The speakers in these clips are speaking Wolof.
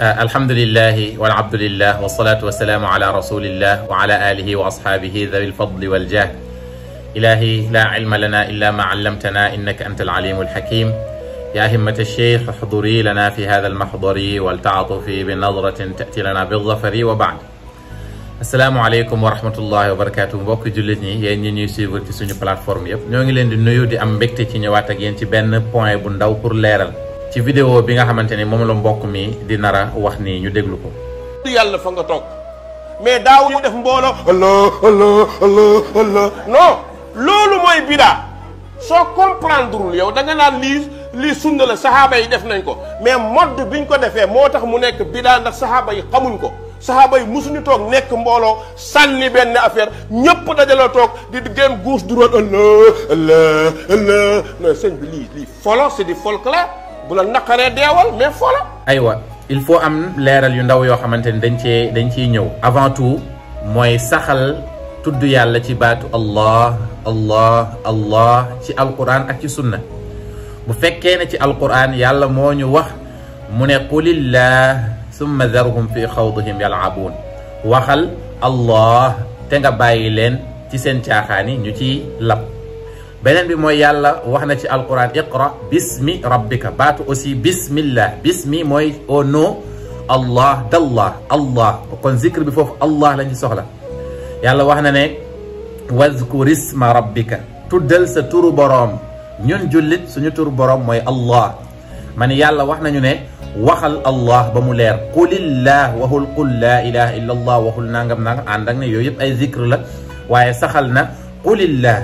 آه، الحمد لله والعبد لله والصلاة والسلام على رسول الله وعلى آله وأصحابه ذوي الفضل والجاه إلهي لا علم لنا إلا ما علمتنا إنك أنت العليم الحكيم يا همة الشيخ احضري لنا في هذا المحضر والتعاطفي بنظرة تأتي لنا بالظفر وبعد السلام عليكم ورحمة الله وبركاته mbokki jullit ñi نيوسي ñi بلاتفورم suivre ci suñu plateforme yëpp ñoo ngi leen di nuyu di am ci vidéo bi nga xamanteni mom la mbokk mi di nara wax ni ñu déglu ko. fa nga tok mais daaw ñu def mbolo allah allah allah allah non lolu moy bida so comprendre yow da nga naan lii li sunna la sahaba yi def nañ ko mais mode biñ ko defé motax mu nek bida ndax sahaba yi xamuñ ko. Sahaba yi musuñu tok nek mbolo sanni ben affaire ñëpp dajaloo tok di gem gauche droite. allah allah allah non sëñ bi li li folo c'est des folklore bu la deewal mais fo aywa il faut am leeral yu ndaw yoo xamante dañ cee dañ ciy ñëw. avant tout mooy saxal tudd yàlla ci baatu allah allah allah ci alquran ak ci sunna bu fekke ne ci alquran yàlla moo ñu wax muné qulillah summa zarhum fi xawdihim yalabuun waxal allah te nga bàyyi leen ci seen caaxaan ñu ci lab beneen bi mooy yàlla wax na ci alquran iqra bismi rabbika baatu aussi bismillah bismi mooy au nom allah dallah allah kon zikr bi foofu allah lañ ci soxla yàlla wax na ne wazkur isma rabbika tuddal sa turu boroom ñun jullit suñu turu boroom mooy allah ma ne yàlla wax nañu ne waxal allah ba mu leer qulillah waxul qul laa ilaha illa allah waxul nangam nangam ànd ak ne yooyu yëpp ay zikr la waaye saxal na qulillah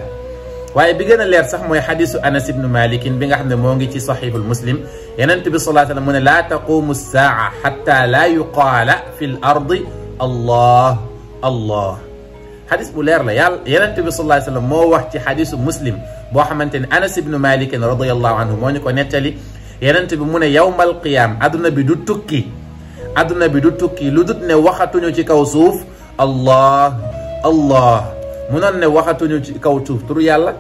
waye bi gëna leer sax moy hadithu anas ibn malik bi nga xamne mo ngi ci saxiixul muslim yenent bi sallallahu alayhi mu ne laa taqumu saa hatta la yuqala fi l ardi allah allah hadith bu leer la yàlla yenent bi salaa sallam mo wax ci hadithu muslim bo xamanteni anas ibn malik radiyallahu anhu mo ni ko netali yenent bi mu ne yowma qiyam aduna bi du tukki aduna bi du tukki lu dut ne waxatuñu ci kaw suuf allah allah منن وقت كوتو ترو يلا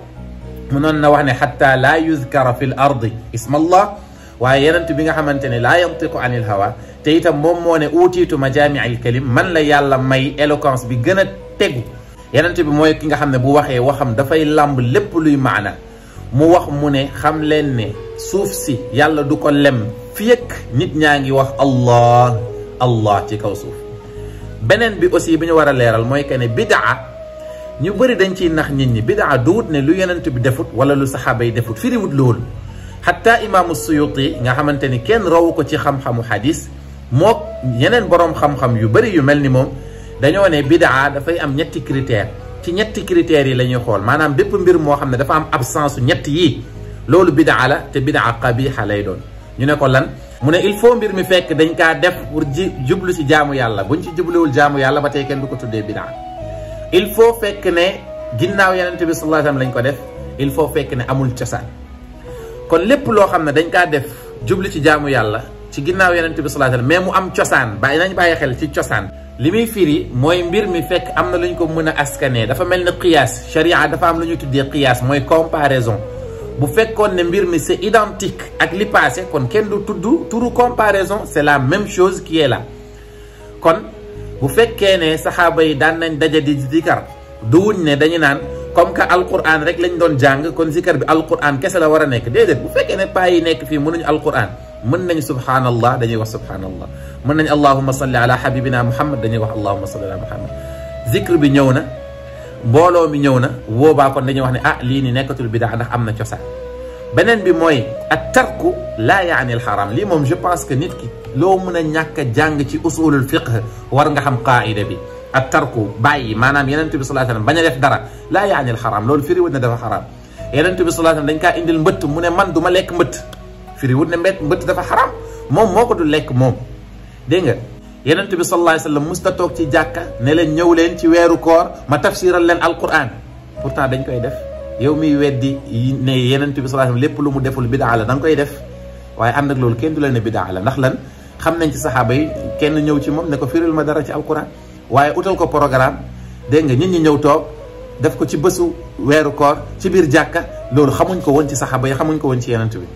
منن وحن حتى لا يذكر في الأرض اسم الله وعيانا تبينها حمانتين لا ينطق عن الهواء تيتا مومو ني اوتي تو مجامع الكلم من لا يالا ماي الوكونس بي غنا تيغو يانا تبي موي كيغا خامن بو واخي واخام دا فاي لامب ليب لوي معنا مو واخ مو ني خام لين ني سوف سي يالا دوكو لم فيك نيت نياغي واخ الله الله تي كوسوف بنن بي اوسي بني ورا ليرال موي كاني بدعه ñu bari dañ ci nax nit ñi bidaa duwut ne lu yenen te bi defut wala lu sahaba yi defut lool hatta imam as suyuti nga xamanteni ken kenn rawu ko ci xam-xamu hadith mok yenen borom xam-xam yu bari yu melni mom dañu ne bid'a da fay am ñetti critère ci ñetti critère yi lañu xol manam bépp mbir mo xamne dafa am absence ñett yi lolou bid'a la te bid'a qabiha lay doon ñu ne ko lan mu ne il faut mbir mi fekk dañ ka def pour ji jublu ci jaamu yàlla buñ ci jubluwul jaamu yàlla batay ken du ko tuddé bid'a il faut fek ne ginnaw yonent bi sallallahu alayhi wasallam lañ ko def il faut fek ne amul cosaan kon lepp lo xamne dañ ka def djubli ci jaamu yalla ci ginnaw yonent bi sallallahu alayhi wasallam mais mu am cosaan bàyyi nañ bàyyi xel ci cosaan li firi moy mbir mi fek amna luñ ko meuna askane dafa melni qiyas sharia dafa am luñu tuddé qiyas moy mooy comparaison bu fekkone ne mbir mi c'est identique ak li passé kon kenn du tudd turu comparaison c'est la même chose qui est là kon bu fekkee ne saxaaba yi daan nañ daje di di zikar duwuñ ne dañu naan comme que alquran rek lañ doon jàng kon zikar bi alquran kese la war a nekk déedéet bu fekkee ne paa yi nekk fii mënuñu alquran mën nañ subhanallah dañuy wax subhanallah mën nañ allahuma salli ala habibina muhammad dañuy wax allahuma salli ala muhammad zikr bi ñëw na mbooloo mi ñëw na boobaa kon dañuy wax ne ah lii ni nekkatul bidaa ndax am na cosaan benen bi moy at tarku la yaani al haram li mom je pense que nit ki lo meuna ñaka a jàng ci usulul fiqh war nga xam qaida bi at tarku bàyyi manam yenen bi sallallahu alayhi wasallam baña def dara la yaani al haram lol firi ne dafa haram yenen bi sallallahu alayhi wasallam dañ ka indil mbeut mune man duma lek mbeut firi firiwut mbeut dafa haram mom moko du lek mom de nga yenen bi sallallahu alayhi wasallam musta tok ci jàkka ne len ñëw len ci wéru koor ma tafsiral al-qur'an pourtant dañ koy def yow miy weddi ne yenent bi sallallahu alayhi wasallam lépp lu mu deful bidaa la da nga koy def waaye ànd ak loolu kenn du la ne bidaa la ndax lan xam nañ ci saxaaba yi kenn ñëw ci moom ne ko firil ma dara ci alquran waaye utal ko programme dégg nga nit ñi ñëw toog def ko ci bésu weeru koor ci biir jàkka loolu xamuñ ko woon ci saxaaba yi xamuñ ko woon ci yenent bi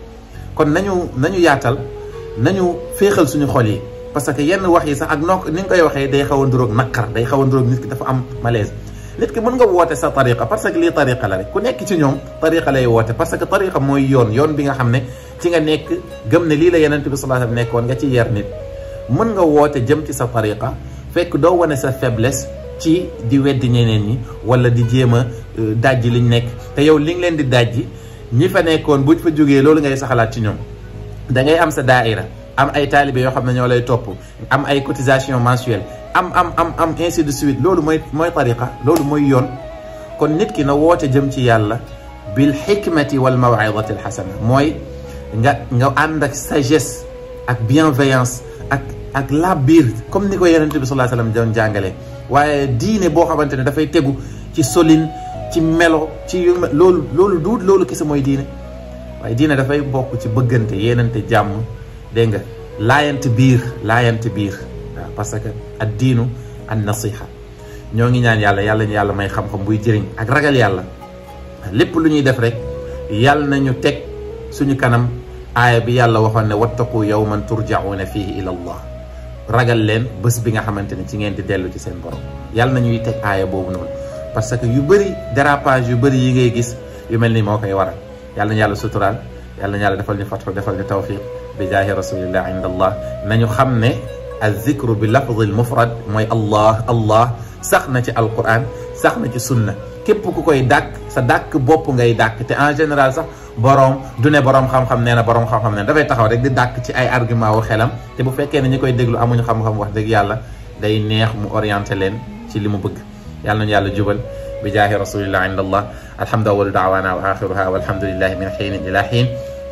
kon nañu nañu yaatal nañu féexal suñu xol yi parce que yenn wax yi sax ak noo ni nga koy waxee day xaw a nduróog naqar day xaw a nduróog nit ki dafa am malaise nit ki mën nga woote sa tariqa parce que lii tariqa la rek ku nekk ci ñoom tariqa lay woote parce que tariqa mooy yoon yoon bi nga xam ne ci nga nekk gëm ne lii la yenent bi sallallahu alayhi nekkoon nga ci yar mën nga woote jëm ci sa tariqa fekk doo wane sa faiblesse ci di weddi ñeneen yi wala di jéem a euh, dajji liñ nekk te yow li leen di dajji ñi fa nekkoon buñ fa jógee loolu ngay saxalaat ci ñoom dangay am sa daaira am ay talibé yo xamna ne ñoo lay top am ay cotisation mensuelle am am am am ainsi de suite lolu moy moy tariqa lolu moy yoon kon nit ki na wote jëm ci yàlla bil hikmati wal maw'izati al hasana moy nga nga ànd ak sagesse ak bienveillance ak ak laab biir comme niko yaronte bi sallallahu alayhi wasallam sallam jàngale waye diine bo xamante da fay teggu ci soline ci melo ci lolu lolu dud lolu kess moy diine waye diine da fay bokku ci bëggante yenente jàmm Denga, nga laayante biir laayante biir parce que ad an nasiha ñoo ngi ñaan yalla yalla ñu yalla may xam-xam buy jëriñ ak ragal yalla lepp lu ñuy def rek yalla nañu tek suñu kanam aya bi yalla waxon ne wattaqu yawman turjauna fihi ila allah ragal len bés bi nga xamanteni ci ngeen di delu ci seen borom yalla nañuy tek aya bobu non parce que yu bari dérapage yu bari yi ngay gis yu melni ni koy waral yalla ñu yalla sutural yalla ñu yalla defal ñu defal ñu tawfiq بذاه رسول الله عند الله من يخمي الذكر باللفظ المفرد موي الله الله سخنا القران سخنا في السنه كيب كوكاي داك سا داك بوب غاي داك تي ان جينيرال صاح بوروم دوني بوروم خام خام نينا بوروم خام خام نينا دا فاي تاخاو رك دي داك تي اي ارغومون وخلام تي بو فكي ني نكاي ديغلو امو خام خام واخ ديك يالا داي نيه مو اورينتي لين تي مو بغ يالا نيو يالا جوبال بجاه رسول الله عند الله الحمد اول دعوانا واخرها والحمد لله من حين الى حين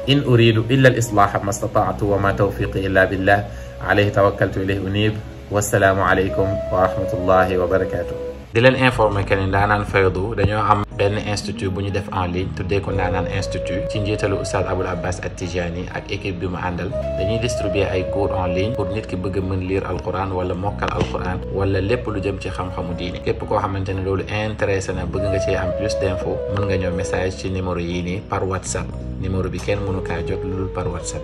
إن أريد إلا الإصلاح ما استطعت وما توفيقي إلا بالله عليه توكلت إليه أنيب والسلام عليكم ورحمة الله وبركاته di leen informer que ni ndaanaan faydu dañoo am benn institut bu ñu def en ligne tuddee ko ndaanaan institut ci njiitalu oustaz Abul Abbas at Tijani ak équipe bi mu àndal dañuy distribuer ay cours en ligne pour nit ki bëgg a mën lire alquran wala mokkal alquran wala lépp lu jëm ci xam-xamu diini képp koo xamante ne loolu intéressé na bëgg nga cee am plus d'info mën nga ñëw message ci numéro yii nii par whatsapp numéro bi kenn mënu kaa jot lu dul par whatsapp